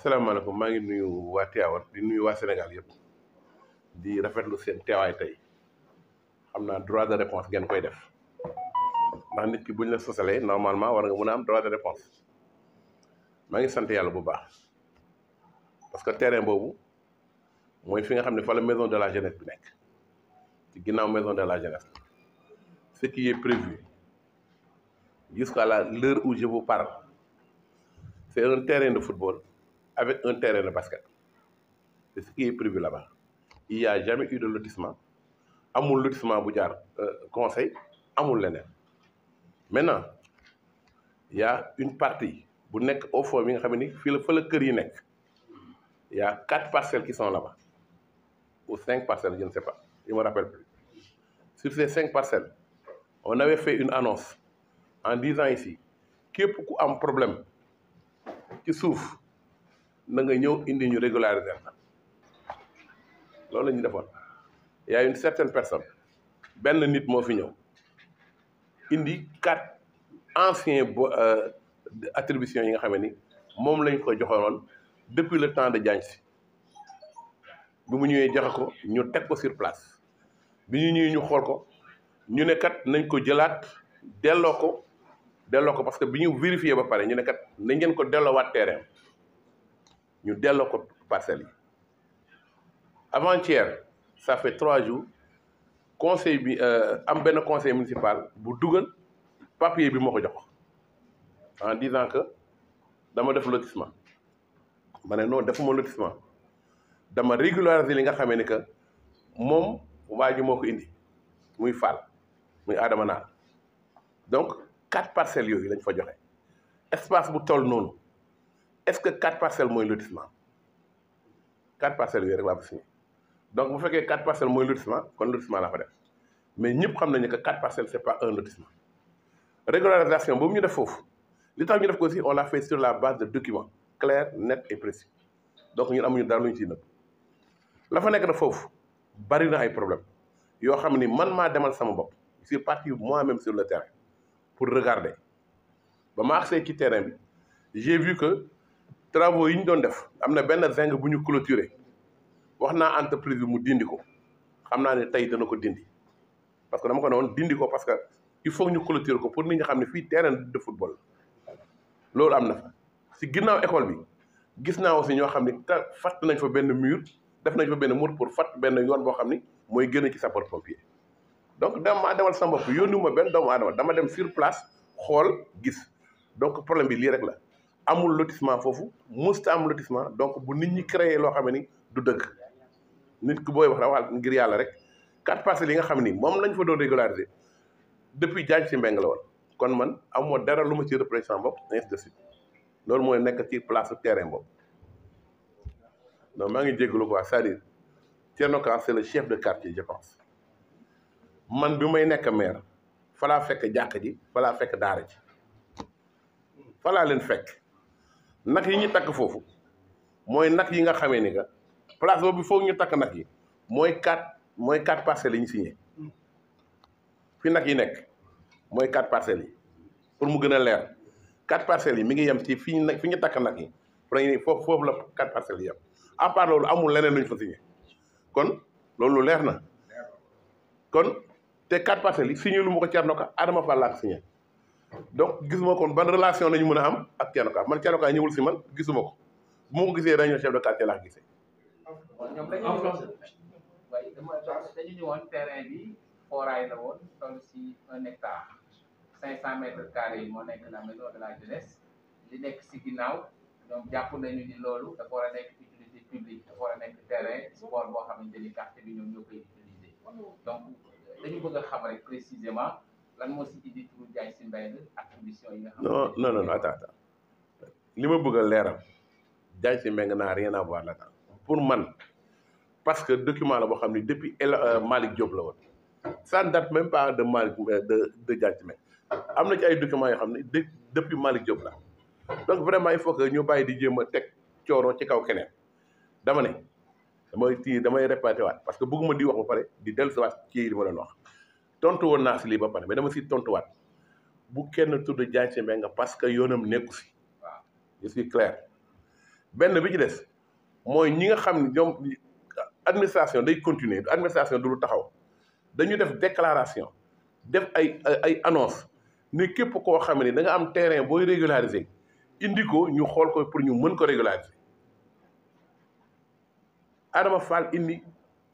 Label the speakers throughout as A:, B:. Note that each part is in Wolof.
A: asalaamaaleykum maa ngi nuyu waa Tivaouane di nuyu wa senegal yëpp di rafetlu seen teewaay tey xam naa droit de réponse ngeen koy def ndax nit ki buñ la sosalee normalement war nga mën a am droit de réponse maa ngi sant yàlla bu baax parce que terrain boobu mooy fi nga xam ne fa la maison de la jeunesse bi nekk ci ginnaaw maison de la jeunesse ce qui est prévu jusqu'à l'heure où je vous parle c'est un terrain de football avec un terrain de basket c'est ce qui est prévu là-bas il n'y a jamais eu de lotissement amul lotissement bu euh, conseil amul leneen maintenant il y a une partie bu n'êtes au fond bi nga xam il y a quatre parcelles qui sont là-bas ou cinq parcelles je ne sais pas je ne me rappelle plus sur ces cinq parcelles on avait fait une annonce en disant ici a beaucoup de problème qui souffrent na nga ñew indi ñu régulariser na loolu lañu defoon y a une certaine personne benn nit moo fi ñëw indi quatre anciens bo euh, attribution yi nga xamé ni mom lañ ko joxoon depuis le temps de Diagne si bi mu ñëwee joxe ko ñu teg ko sur place bi ñu ñëwee ñu xool ko ñu ne kat nañ ko jëlaat delloo ko delloo ko parce que bi ñu vérifier ba pare ñu ne kat nañ ngeen ko delloowaat terrain ñu delloo ko parcelles yi avant-hier ça trois jours conseil bi euh, am benn conseil municipal bu dugal papier bi moo ko jox en disant que dama def lotissement ma ne non defuma lotissement dama régulariser li nga xamee ni que moom waa ji moo ko indi muy Fall muy Adama Naar donc quatre parcelles yooyu lañu fa joxe espace bu toll noonu. est-ce que quatre parcelles mooy lotissement quatre parcelles yooyu rek laa fa donc vous faites quatre parcelles mooy lotissement kon lotissement laa fa mais nous xam nañu que quatre parcelles c'est pas un lotissement régularisation boobu ñu def faux. l'État tax ñu def ko aussi on l'a fait sur la base de documents clairs nets et précis donc ñun amuñu dara lu ñu la fa nekk na foofu bari na ay problèmes Il xam ni man maa demal sama bopp je suis parti moi-même sur le terrain pour regarder ba ma agsee ci terrain j'ai vu que travaux yi ñu doon def am na benn zinc bu ñu entreprise mu dindi ko parce que parce que il faut ñu clôturer ko pour ñi terrain de football loolu am na fa si ginnaaw école bi gis naa aussi ñoo xam ne nañ fa mur def nañ fa pour fatt benn yoon boo xam ni mooy ci donc dama demal ma benn doomu dama dem sur place gis donc problème bi lii amul lotissement foofu musta am lotissement donc bu nit ñi créer loo xam ne ni du dëkk nit ki booy wax da waxal ngir yàlla rek quatre parcelles li nga xam ni moom lañ fa doon régulariser depuis jaañ si mbeng la woon kon man amoo dara lu ma ci représenté bopp ainsi loolu mooy nekk ci place terrain boobu donc maa ngi jégalu quoi c'est-à-dire Thierno Ka c'est le chef de quartier je man bi may nekk maire falaa fekk jàkk ji falaa fekk daara ji falaa leen fekk nak yi ñi tak fofu moy nak yi nga xamé ni ga place bobu foog ñu tak nak yi moy kat moy kat parcelles yi ñu signé fi nak yi nek moy kat parcelles yi pour mu gëna leer quatre yi mi ngi yam ci fi ñu fi ñu tak nak yi fofu foofu la kat parcelles yi yem à part lolu amul leneen lu fa signé kon lolu leer na kon te kat parcelles yi signé lu mu ko ci arnoka Adama fa la signé donc gisuma kon ban relation la ñu mën a am ak Thierno Ka man Thierno Ka ñëwul si man gisuma ko bu ma ko gisee dañu chef de quartier laa gisee. waaye dama dañu ñëwoon terrain bi fooraay la woon toll cent mètres carrés yi moo nekk la maison de la nekk si ginnaaw jàpp nañu ni loolu dafa war a nekk utilité publique dafa war a nekk terrain sport boo xamante ni quartier bi ñoom ñoo koy utiliser donc dañu bëgg a xam rek précisément. lan moo si indi turu li ma bëgg a leeral Ndiaye Sy Mbaygue n'a rien à voir là pour man parce que document la boo xam ne depuis El euh, Malick Diop la woon ça ne date pas de Malick euh, de de Ndiaye Sy am na ci ay documents yoo xam ne de depuis Malick Diop la donc vraiment il faut que ñu bàyyi di jéem a teg cooro ci kaw keneen dama ne damay tii damay répété waat parce que bëgguma di wax ba pare di dellusiwaat ci li ma doon wax. tontu woon naa si lii ba pare mais dama si tontuwaat bu kenn tudd Diathie Mbengue parce que yoonam nekku si waaw je benn bi ci des mooy ñi nga xam ne ñoom administration day continuer administration du lu taxaw dañu def déclaration def ay ay annonce ni képp koo xam ni da am terrain booy régulariser indi ko ñu xool ko pour ñu mën ko régulariser Adama Fall indi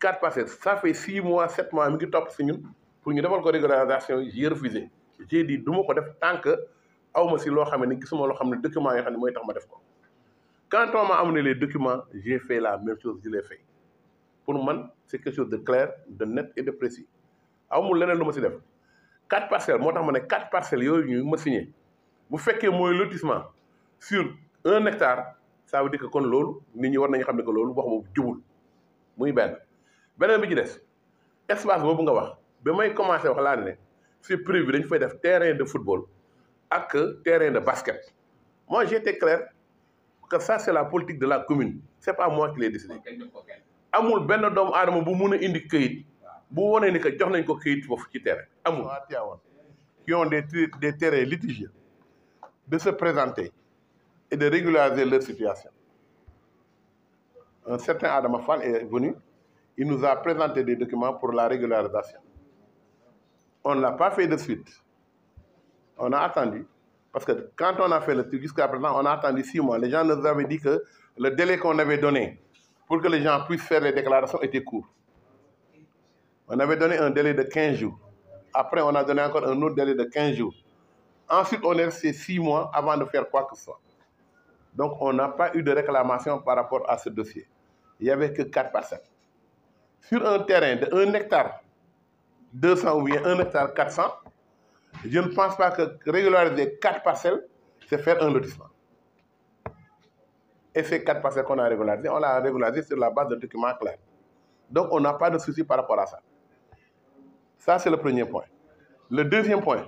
A: 4 passé ça fait six mois 7 mois mi ngi topp si ñun pour ñu defal ko régularisation j'ai refusé j'ai dit du ko def tant que awma si lo xamné ne gisuma lo xamné document documents xamné moy tax ma def ko quand on m'a amené les documents j'ai fait la même chose je l'ai fait pour man c'est quelque chose de clair de net et de précis awmu leneen luma si def quatre parcelles motax ma né quatre parcelles yoy ñu ma signé bu fekkee moy lotissement sur 1 hectare ça veut dire que kon lolu nit ñi war nañu xamné que lolu wax bobu jubul muy ben benen bi ci dess espace bobu nga wax je suis commencé à dire que prévu privé de faire des terrain de football des terrain de basket moi j'étais clair que ça c'est la politique de la commune Ce n'est pas moi qui l'ai décidé amul ben dom aadama bu mun a indi keuyit bu woné ni que jox nañ ko keuyit ci terrain amul qui ont des terrains litigieux de se présenter et de régulariser leur situation un certain Adama Fall est venu il nous a présenté des documents pour la régularisation on ne l'a pas fait de suite. On a attendu. Parce que quand on a fait le truc jusqu'à présent, on a attendu six mois. Les gens nous avaient dit que le délai qu'on avait donné pour que les gens puissent faire les déclarations était court. On avait donné un délai de 15 jours. Après, on a donné encore un autre délai de 15 jours. Ensuite, on est resté six mois avant de faire quoi que ce soit. Donc, on n'a pas eu de réclamation par rapport à ce dossier. Il n'y avait que quatre personnes. Sur un terrain de 1 hectare, 200 ou bien 1 hectare 400, je ne pense pas que régulariser 4 parcelles, c'est faire un lotissement. Et ces 4 parcelles qu'on a régularisées, on l'a régularisé sur la base de documents clairs. Donc on n'a pas de souci par rapport à ça. Ça, c'est le premier point. Le deuxième point,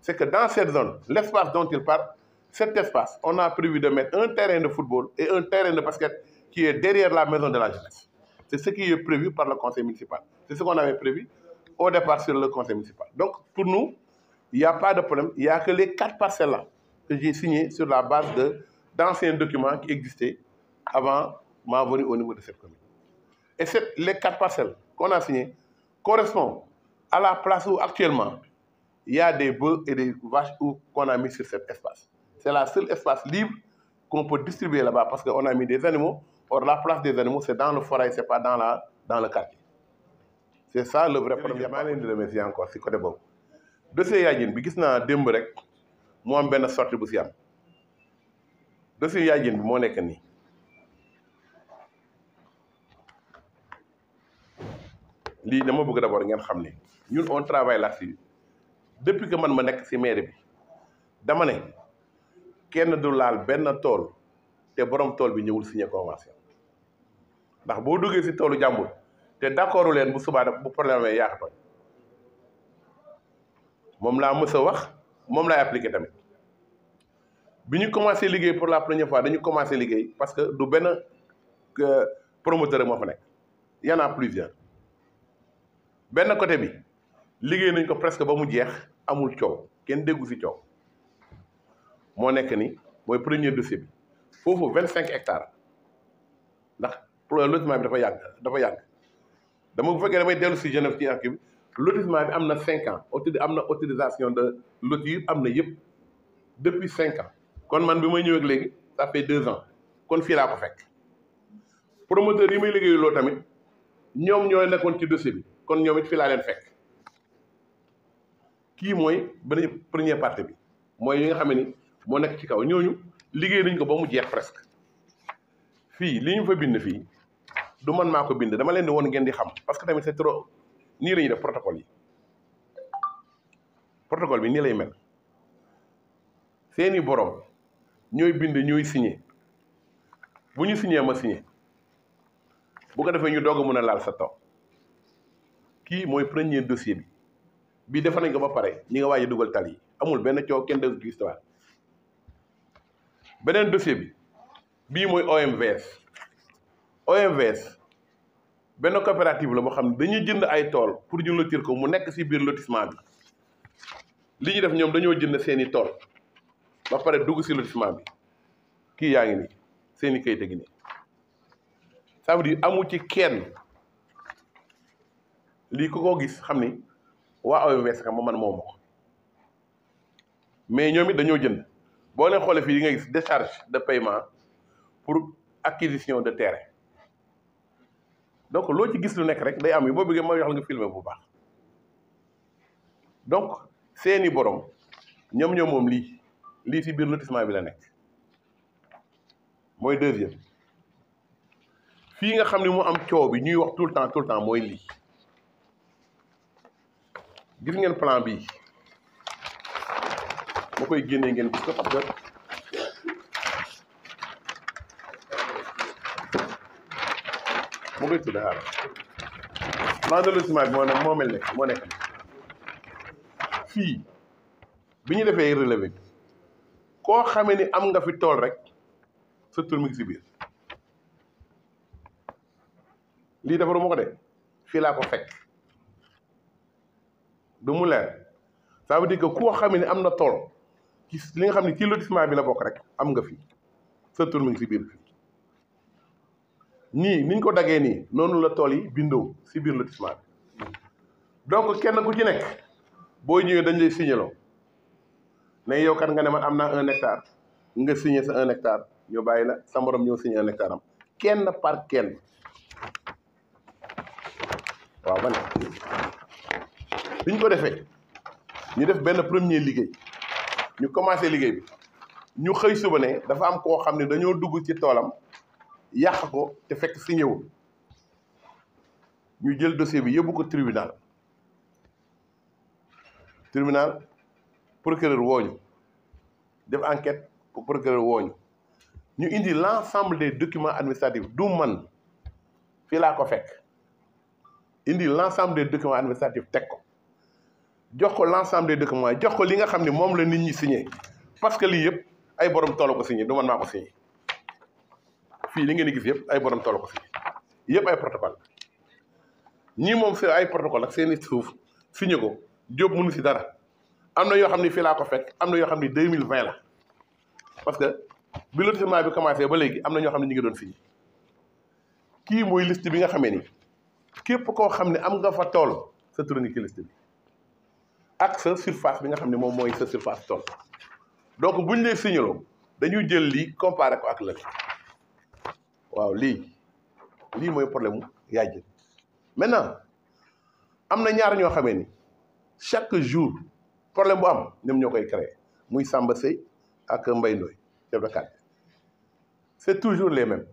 A: c'est que dans cette zone, l'espace dont il parle, cet espace, on a prévu de mettre un terrain de football et un terrain de basket qui est derrière la maison de la jeunesse. C'est ce qui est prévu par le conseil municipal. C'est ce qu'on avait prévu au départ sur le conseil municipal. Donc, pour nous, il n'y a pas de problème. Il n'y a que les quatre parcelles-là que j'ai signées sur la base d'anciens documents qui existaient avant ma venue au niveau de cette commune. Et les quatre parcelles qu'on a signées correspondent à la place où actuellement il y a des bœufs et des vaches qu'on a mis sur cet espace. C'est la seule espace libre qu'on peut distribuer là-bas parce qu'on a mis des animaux. Or, la place des animaux, c'est dans le forêt, ce n'est pas dans, la, dans le quartier. c'est ça le vrai problème maa leen di remercier encore ci côté bob dossier Yajin bi gis na demb rek mo am ben sortie bu ci am dossier Yajin bi moo nekk nii lii dama bëgg d'abord ngeen xam ñun on travaille là ci depuis que man ma nek ci mairie bi dama ne kenn du laal ben tool té borom tool bi ñëwul signé convention ndax bo duggé ci toolu jambour te d'accordu len bu subaa bu problème amee yaax tooñ moom laa wax mom laay appliquer tamit biñu commencé liguey pour la première fois dañu commencé liguey parce que du benn promoteur mo fa nek y en a plusieurs ben côté bi liguey nañ ko presque ba mu jeex amul coow ken déggu fi coow mo nek ni moy premier dossier bi fofu 25 hectares ndax lotissement bi dafa yag dafa yag dama bu fekkee damay dellu si Genève ci archive bi lotissement bi am na cinq ans autori am na autorisation de lotir am na yëpp depuis 5 ans kon man bi may ñëw ak léegi ça fait 2 ans kon fii laa ko fekk promoteur yi may liggéeyu loo tamit ñoom ñooy nekkoon ci dossier bi kon ñoom it fii laa leen fekk kii mooy benn première partie bi mooy yi nga xam ni moo nekk ci kaw ñooñu liggéey nañ ko ba mu jeex presque fii li ñu fa bind fii du man maa ko bind dama leen di won ngeen di xam parce que tamit c'est trop nii la ñuy def protocole yi protocole bi nii lay mel seeni borom ñooy bind ñooy signé bu ñu signé ma signé bu ko defee ñu doog mën a laal sa to kii mooy premier dossier bi bii defa nañ ko ba pare ñi nga waaj a dugal tal yi amul benn coow kenn de histoire beneen dossier bi bii mooy OMVS OMVS e benn coopérative la boo xam ne dañuy jënd ay tool pour ñu lotir ko mu nekk si biir lotissement bi li ñu def ñoom dañoo jënd seeni tool ba pare dugg si lotissement bi kii yaa ngi nii seen i kayit a ngi nii ça veut dire amu ci kenn lii ko ko gis xam ni waa OMVS xam ma man moo ma mais ñoom it dañoo jënd boo leen xoolee fii yi nga gis décharge de paiement pour acquisition de terrain donc l'eau qui gis le nez rek day am vous ma filmer bu baax donc c'est borom ñoom C'est li li ci bir lotissement bi deuxième fi nga xamni mo am ñuy tout le temps tout le temps moy plan Je ma mu ngi tudd xaaral plan de lotissement bi moo ne moo mel ne moo nekk fii bi ñu defee relevé bi koo xamee ni am nga fi tool rek sa tur mi ngi si biir lii defaru ma ko de fii laa ko fekk du mu leer ça veut dire que koo xamee ni am na tool ci li nga xam ne ci lotissement bi la bokk rek am nga fi sa tur mi ngi si biir. ni niñ ko daggee ni nonu la toli bindo ci bir biir lotissement donc kenn ku ci nek bo ñëwee dañ lay signaloo né yow kat nga né man amna 1 hectare nga signé sa 1 hectare ñu bàyyi la sa morom ñu signé 1 hectare am kenn par kenn wa ban biñ ko défé ñu def ben premier liggéey ñu commencé liggéey bi ñu xey suba né dafa am ko xam ne dañoo dugg ci tolam yàq ko te fekk si ñëwul ñu jël dossier bi yóbbu ko tribunal tribunal procureur wooñu def enquête pour procureur wooñu ñu indi l' ensemble des documents administratifs du man fii laa ko fekk indi l' ensemble des documents administratifs teg ko jox ko l' ensemble des documents jox ko li nga xam ne moom la nit ñi signé parce que lii yëpp ay borom toolu ko signé du man maa ko signé fii li ngeen gis yëpp ay borom toll ko fi yëpp ay protocole ñii moom si ay protocole ak seen i suuf signé ko Diop mënu si dara am na yoo xam ne fii laa ko fekk am na yoo xam ne deux mille vingt la parce que bi lotissement bi commencé ba léegi am na ñoo xam ne ñu ngi doon signé kii mooy list bi nga xamee ni képp koo xam ne am nga fa tool sa tur ni bi ak sa surface bi nga xam ne moom mooy sa surface tool donc bu ñu lay signaloo dañuy jël li comparé ko C'est ce problème maintenant il chaque jour problème bu créer c'est toujours les mêmes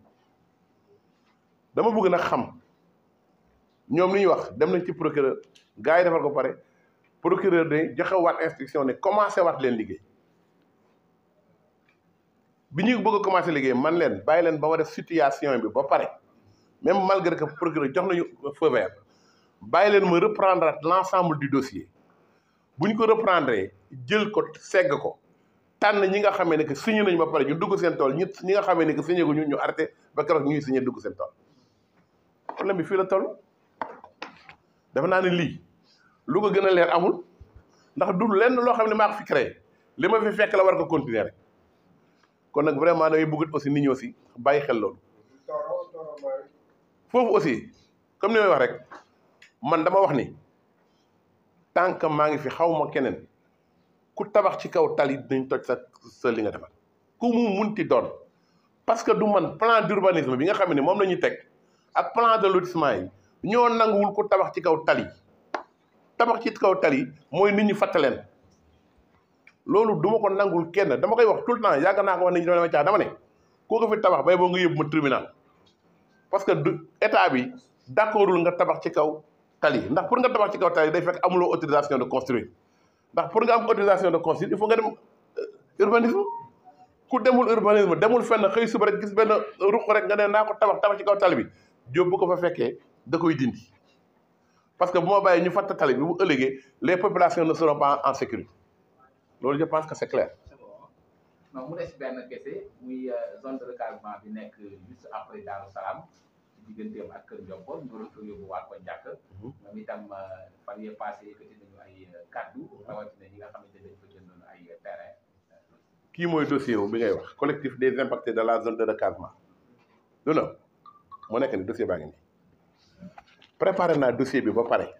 A: dama bëgg nag xam wax dem nañ ci procureur gaay defal ko procureur de joxé wat instruction né commencé à leen biñu bëgg commencé liggéey man leen bàyyi leen ba ma def situation bi ba pare même malgré que procureur jox nañu feu vert bàyyi leen ma reprendre l' ensemble du dossier buñ ko reprendre jël ko segg ko tànn ñi nga xamee ne que signé nañ ba pare ñu dugg seen tool ñi ñi nga xamee ne que signé gu ñu ñu arrêté ba keroog ñuy signé dugg seen tool problème bi fii la toll dafa naa ne lii lu ko gën a leer amul ndax du lenn loo xam ne maa ko fi créé li ma fi fekk la war ko continuer rek kon nag vraiment damay bëgg aussi nit ñi aussi bàyyi xel loolu. foofu aussi comme ni may rek man dama wax ni tant que maa ngi fi xaw ma keneen ku tabax ci kaw tali dinañ toj sa sa li nga defar ku mu munti doon parce que du man plan d'urbanisme bi nga xam ni moom la ñuy teg ak plan de lotissement yi ñoo nanguwul ku tabax ci kaw tali tabax ci kaw tali mooy nit ñi fàttaleen loolu du ma ko nangul kenn dama koy wax tout le temps yàgg naa ko wax nit ñi dama caa dama ne koo ko tabax bay boo nga yóbbu ma tribunal parce que du état bi d'accordul nga tabax ci kaw tali ndax pour nga tabax ci kaw day fekk amuloo autorisation de construire ndax pour nga am autorisation de construire il faut nga dem euh, urbanisme ku demul urbanisme demul fenn xëy suba rek gis benn ruq rek nga ne naa ko tabax tabax ci kaw tali bi jóob bu ko fa fekkee da koy dindi parce que bu ma ñu fàtta tali bi bu ëllëgee les populations ne seront pas en loolu je pense que c'est clair. non mu dess ben kété muy zone de recasement bi nek juste après Darou salam digganteem ak Kër Ndiopol ñu doon fa wa ko njàkk. moom itam fan yee passé yëkkati nañu ay cadeau rawati ñi nga xamanté ne dañ fa jëndoon ay terrain. ki moy e dossier bi ngay wax collectif des impactés de la zone de recasement. do la mo nek ni dossier baa ngi préparer na dossier bi ba paré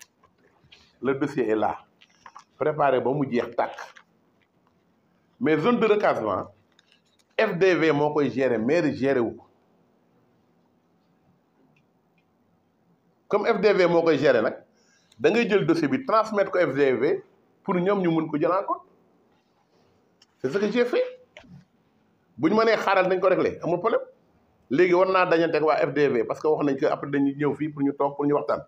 A: le dossier est là préparer ba mu jeex tak mais zone de recasement FDV moo koy gérer mairie gérer wu comme FDV moo koy gérer nag da ngay jël dossier bi transmettre ko FDV pour ñom ñu mun ko jël encore c'est ce que j'ai fait bu mané xaral dañ ko réglé amul problème légui war naa dañante ak wa FDV parce que wax nañ ko après dañuy ñëw fi pour ñu tok pour ñu waxtaan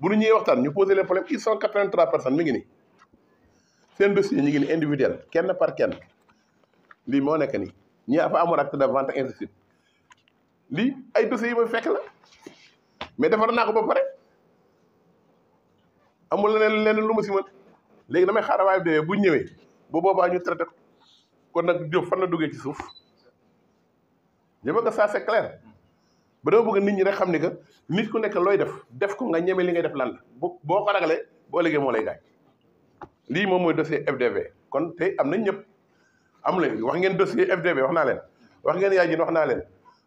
A: bu ñu ñëwee waxtaan ñu poser les problèmes ils sont 83 personnes mi ngi nii seen dossier ñi ngi nii individuel kenn par kenn. lii moo nekk nii ñi dafa amoon acte de vente ainsi de suite lii ay dossiers yi mooy fekk la mais defar naa ko ba pare amul leen leneen lu ma si mën léegi damay xaaral waaye bu bu ñëwee bu boobaa ñu traité kon nag Diop fan na duggee ci suuf je veux que ça c'est ba dama bëgg nit ñi rek xam ni ka nit ku nekk looy def def ko nga ñeme li ngay def lan la boo ko ragalee boo liggéey moo lay gaañ lii moom mooy dossier FDV kon tey am nañ ñëpp. amu leen wax ngeen dossier FDB wax naa leen wax ngeen yaay jin wax naa leen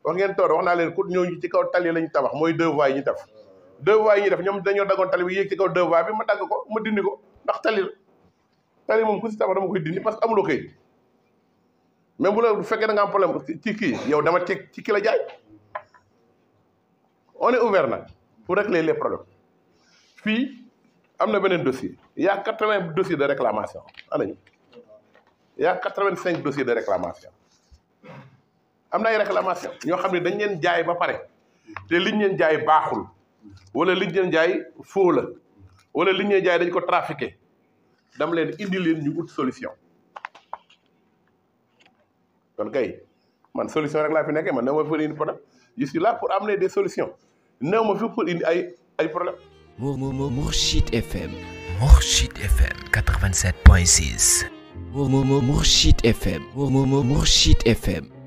A: wax ngeen toor wax naa leen ku ñooñu ci kaw tali lañ tabax mooy deux voies yi def deux voies yi def ñoom dañoo dagoon tali bi yéeg ci kaw deux voies bi ma dagg ko ma dindi ko ndax tali la tali moom ku si tabax dama koy dindi parce que amuloo kayit même bu la bu fekkee da nga am problème ci kii yow dama ci ci ki la jaay on est ouvert nag pour régler les problèmes fii am na beneen dossier il y a quatre vingt dossiers de réclamation anañu yaa a quatre-vingt-cinq dossiers de réclamation am na ay réclamation ñoo xam ne dañ leen jaay ba pare te liñ leen jaay baaxul wala liñ leen jaay faux la wala liñ leen jaay dañ ko trafiqué dama leen indi leen ñu ut solution kon kay man solution rek laa fi nekkee man néew ma fi pour indi problème je suis là pour amener des solution néew ma fi pour indi ay ay problème Mourchid FM Mourchid Murmur Murşit FM. Murmur Murşit FM.